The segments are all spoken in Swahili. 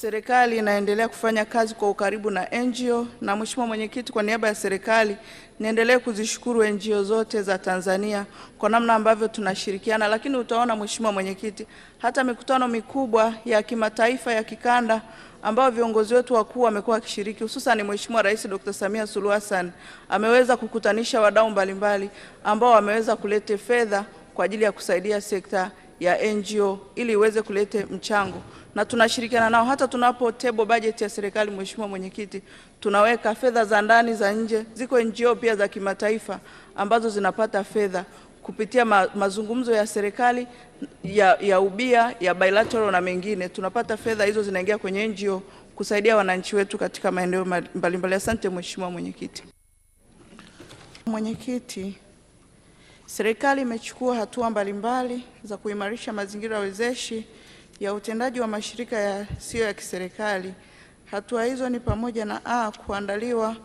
Serikali inaendelea kufanya kazi kwa ukaribu na NGO na Mheshimiwa Mwenyekiti, kwa niaba ya serikali niendelee kuzishukuru NGO zote za Tanzania kwa namna ambavyo tunashirikiana, lakini utaona Mheshimiwa Mwenyekiti, hata mikutano mikubwa ya kimataifa ya kikanda ambayo viongozi wetu wakuu wamekuwa wakishiriki, hususan Mheshimiwa Rais Dr. Samia Suluhu Hassan ameweza kukutanisha wadau mbalimbali ambao wameweza kuleta fedha kwa ajili ya kusaidia sekta ya NGO ili iweze kuleta mchango na tunashirikiana nao hata tunapo table budget ya serikali. Mheshimiwa Mwenyekiti, tunaweka fedha za ndani za nje. Ziko NGO pia za kimataifa ambazo zinapata fedha kupitia ma, mazungumzo ya serikali ya, ya ubia ya bilateral na mengine, tunapata fedha hizo zinaingia kwenye NGO kusaidia wananchi wetu katika maeneo mbalimbali. Asante Mheshimiwa Mwenyekiti. Mwenyekiti, serikali imechukua hatua mbalimbali za kuimarisha mazingira wezeshi ya utendaji wa mashirika yasiyo ya, ya kiserikali. Hatua hizo ni pamoja na a, kuandaliwa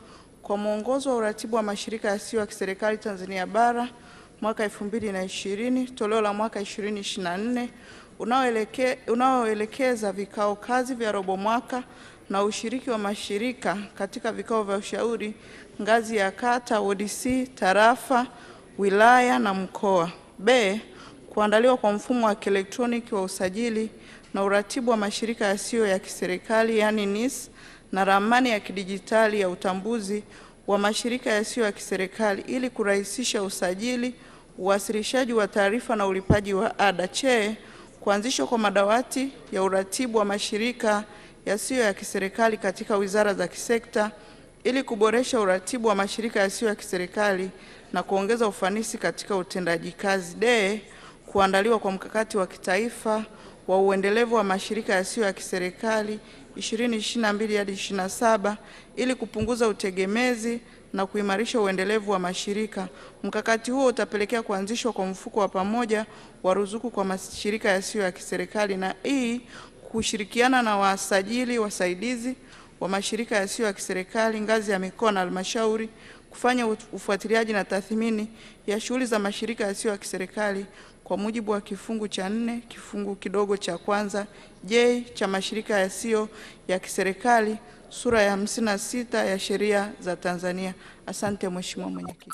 kwa mwongozo wa uratibu wa mashirika yasiyo ya, ya kiserikali Tanzania bara mwaka 2020 toleo la mwaka 2024 unaoelekeza vikao kazi vya robo mwaka na ushiriki wa mashirika katika vikao vya ushauri ngazi ya kata, ODC, tarafa, wilaya na mkoa. B, kuandaliwa kwa mfumo wa kielektroniki wa usajili na uratibu wa mashirika yasiyo ya kiserikali yani NIS na ramani ya kidijitali ya utambuzi wa mashirika yasiyo ya kiserikali ili kurahisisha usajili, uwasilishaji wa taarifa na ulipaji wa ada. Che, kuanzishwa kwa madawati ya uratibu wa mashirika yasiyo ya kiserikali katika wizara za kisekta ili kuboresha uratibu wa mashirika yasiyo ya kiserikali na kuongeza ufanisi katika utendaji kazi. De, kuandaliwa kwa mkakati wa kitaifa wa uendelevu wa mashirika yasiyo ya kiserikali 2022 hadi 27 ili kupunguza utegemezi na kuimarisha uendelevu wa mashirika. Mkakati huo utapelekea kuanzishwa kwa mfuko wa pamoja wa ruzuku kwa mashirika yasiyo ya kiserikali na hii kushirikiana na wasajili wasaidizi wa mashirika yasiyo ya kiserikali ngazi ya mikoa na halmashauri kufanya ufuatiliaji na tathmini ya shughuli za mashirika yasiyo ya kiserikali kwa mujibu wa kifungu cha nne kifungu kidogo cha kwanza J cha mashirika yasiyo ya kiserikali sura ya sita ya sheria za Tanzania. Asante Mheshimiwa Mwenyekiti.